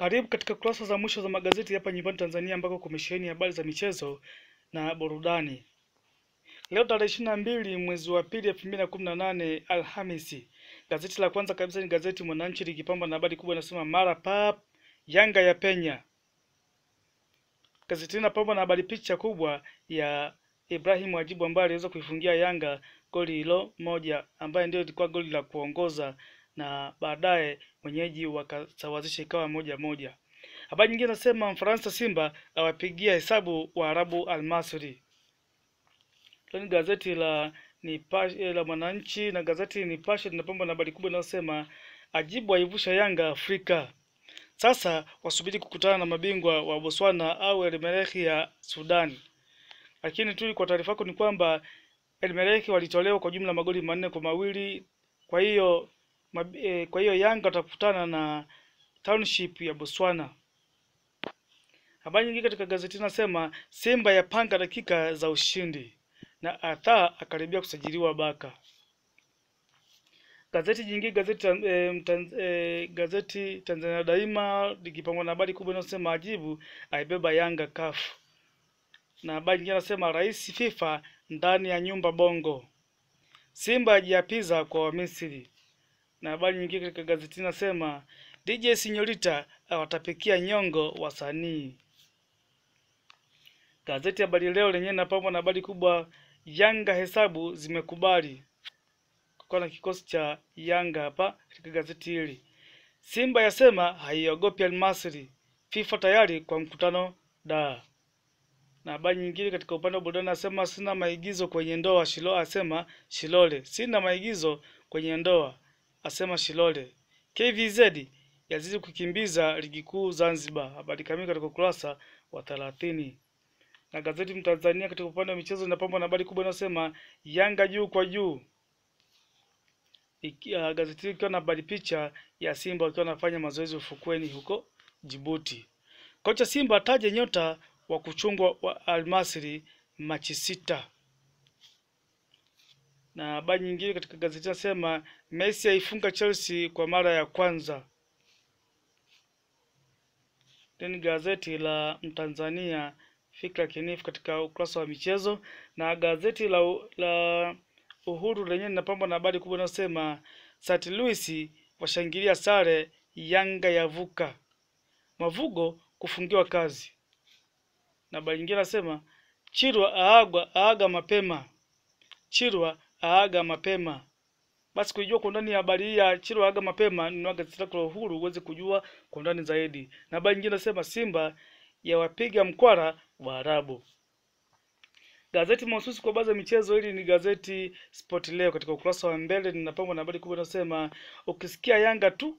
Karibu katika kurasa za mwisho za magazeti hapa nyumbani Tanzania ambako kumesheheni habari za michezo na burudani. Leo tarehe ishirini na mbili mwezi wa pili elfu mbili na kumi na nane Alhamisi, gazeti la kwanza kabisa ni gazeti Mwananchi likipambwa na habari kubwa inasema mara pap Yanga ya penya. Gazeti linapambwa na habari picha kubwa ya Ibrahim Wajibu ambaye aliweza kuifungia Yanga goli hilo moja, ambaye ndio ilikuwa goli la kuongoza na baadaye wenyeji wakasawazisha ikawa moja moja. Habari nyingine nasema Mfaransa Simba awapigia hesabu Waarabu Almasri. ni gazeti la Nipashe eh, la Mwananchi na gazeti Nipashe linapambwa na habari kubwa inayosema ajibu aivusha Yanga Afrika. Sasa wasubiri kukutana na mabingwa wa Botswana au Elmerek ya sudan Lakini tu kwa taarifa yako ni kwamba Elmerek walitolewa kwa jumla magoli manne kwa mawili. Kwa hiyo e, kwa hiyo Yanga watakutana na Township ya Botswana. Habari nyingine katika gazeti inasema Simba yapanga dakika za ushindi na Atha akaribia kusajiliwa Baka. Gazeti jingine gazeti, e, eh, tanz, eh, gazeti Tanzania Daima likipangwa na habari kubwa inayosema ajibu aibeba Yanga kafu, na habari nyingine anasema rais FIFA ndani ya nyumba Bongo, Simba ajiapiza kwa Wamisri na habari nyingine katika gazeti nasema DJ Sinyorita awatapikia eh, nyongo wasanii. Gazeti Habari Leo lenyewe linapambwa na habari kubwa, Yanga hesabu zimekubali kwa na kikosi cha Yanga hapa katika gazeti hili. Simba yasema haiogopi Almasri, FIFA tayari kwa mkutano da. Na habari nyingine katika upande wa burudani nasema sina maigizo kwenye ndoa, Shilo asema Shilole sina maigizo kwenye ndoa asema Shilole. KVZ yazidi kukimbiza ligi kuu Zanzibar. Habari kamili katika ukurasa wa thelathini. Na gazeti Mtanzania katika upande wa michezo linapambwa na habari kubwa inayosema Yanga juu kwa juu. Iki, uh, gazeti hili ikiwa na habari picha ya Simba wakiwa wanafanya mazoezi ufukweni huko Djibouti. Kocha Simba ataje nyota wa kuchungwa wa Almasri machi sita na habari nyingine katika gazeti nasema Messi aifunga Chelsea kwa mara ya kwanza. Then gazeti la Mtanzania Fikra Kinifu katika ukurasa wa michezo na gazeti la, la Uhuru lenyewe linapambwa na habari kubwa inayosema St. Louis washangilia sare, Yanga yavuka, Mavugo kufungiwa kazi. Na habari nyingine nasema Chirwa aagwa aaga mapema Chirwa aaga mapema. Basi kujua kwa undani habari hii ya Chilo aaga mapema, nunua gazeti lako la Uhuru uweze kujua kwa undani zaidi. Na habari nyingine nasema Simba yawapiga mkwara wa Arabu. Gazeti mahususi kwa baza michezo, hili ni gazeti Sport Leo. Katika ukurasa wa mbele ninapangwa na habari kubwa inasema, ukisikia Yanga tu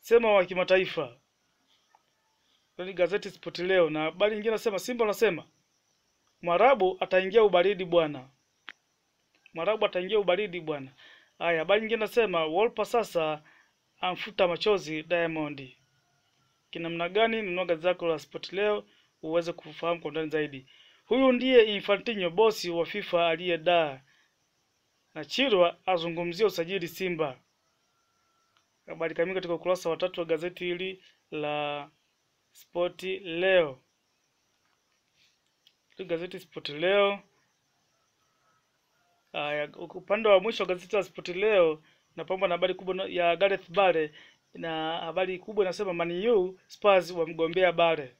sema wa kimataifa. Ni gazeti Sport Leo, na habari nyingine nasema Simba anasema Mwarabu ataingia ubaridi bwana. Mwarabu ataingia ubaridi bwana. Haya, habari nyingine nasema Wolper sasa amfuta machozi Diamond. Kinamna gani? Nunua gazeti lako la Sport leo uweze kufahamu kwa undani zaidi. Huyu ndiye Infantino, bosi wa FIFA aliyedaa. chirwa azungumzia usajili Simba. Habari kamili katika ukurasa wa tatu wa gazeti hili la Sport leo. Gazeti Sport leo Uh, upande wa mwisho gazeti la Sport leo napambwa na habari kubwa ya Gareth Bale na habari kubwa inasema Man U Spurs wamgombea Bale.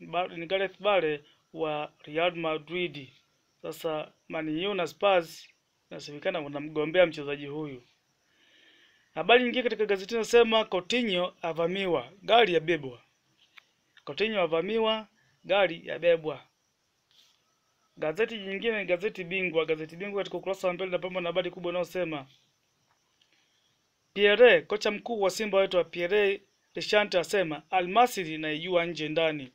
Bale ni Gareth Bale wa Real Madrid. Sasa Man U na Spurs nasemekana wanamgombea mchezaji huyu. Habari nyingine katika gazeti inasema Coutinho avamiwa, gari yabebwa. Coutinho avamiwa, gari yabebwa. Gazeti nyingine ni gazeti Bingwa. Gazeti Bingwa katika ukurasa wa mbele inapambwa na habari kubwa inayosema Pierre, kocha mkuu wa Simba wetu wa Pierre Richard asema Almasiri naijua nje ndani,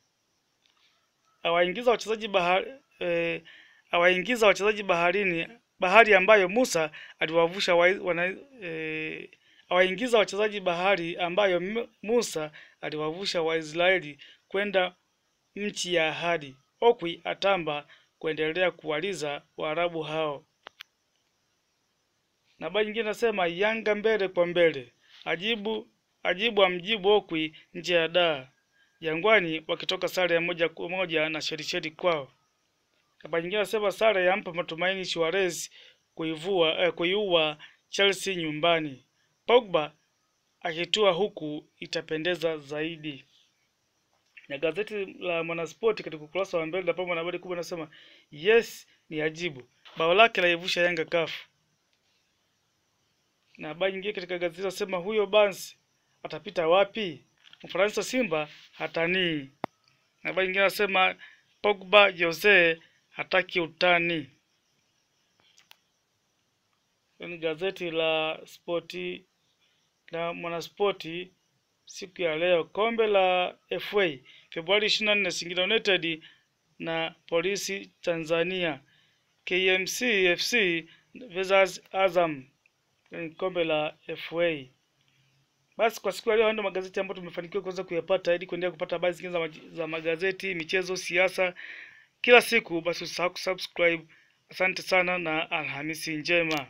awaingiza wachezaji bahari, eh, awaingiza wachezaji baharini, bahari ambayo Musa aliwavusha wa, wana, eh, awaingiza wachezaji bahari ambayo Musa aliwavusha Waisraeli kwenda nchi ya ahadi. Okwi atamba kuendelea kuwaliza Waarabu hao. Na habari nyingine nasema Yanga mbele kwa mbele, ajibu ajibu amjibu Okwi nje ya daa. Jangwani wakitoka sare ya moja kwa moja na Shelisheli kwao. Habari nyingine nasema sare yampa matumaini Suarez kuivua eh, kuiua Chelsea nyumbani. Pogba akitua huku itapendeza zaidi na gazeti la Mwanaspoti katika ukurasa wa mbele na na habari kubwa nasema yes ni ajibu bao lake laivusha Yanga kafu. Na habari nyingine katika gazeti nasema huyo Bansi atapita wapi? Mfaransa Simba hatanii. Na habari nyingine nasema Pogba Jose hataki utani. Ni gazeti la Spoti la Mwanaspoti siku ya leo kombe la FA Februari 24 Singida United na Polisi Tanzania KMC FC versus Azam kombe la FA. Basi kwa siku ya leo ndio magazeti ambayo tumefanikiwa kuweza kuyapata. Ili kuendelea kupata habari zingine za magazeti, michezo, siasa kila siku, basi usahau kusubscribe. Asante sana na Alhamisi njema.